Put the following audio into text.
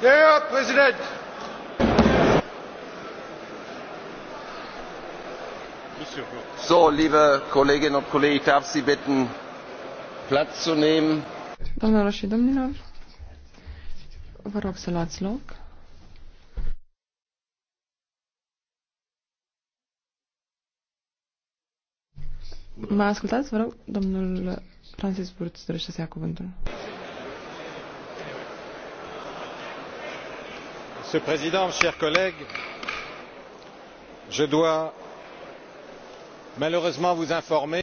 Herr Präsident! So, liebe Kolleginnen und Kollegen, ich darf Sie bitten, Platz zu nehmen. Doamnelor și domnilor, vă rog să luați loc. Mă ascultați, vă rog, domnul Francis Burt dorește să ia cuvântul. monsieur le président chers collègues je dois malheureusement vous informer.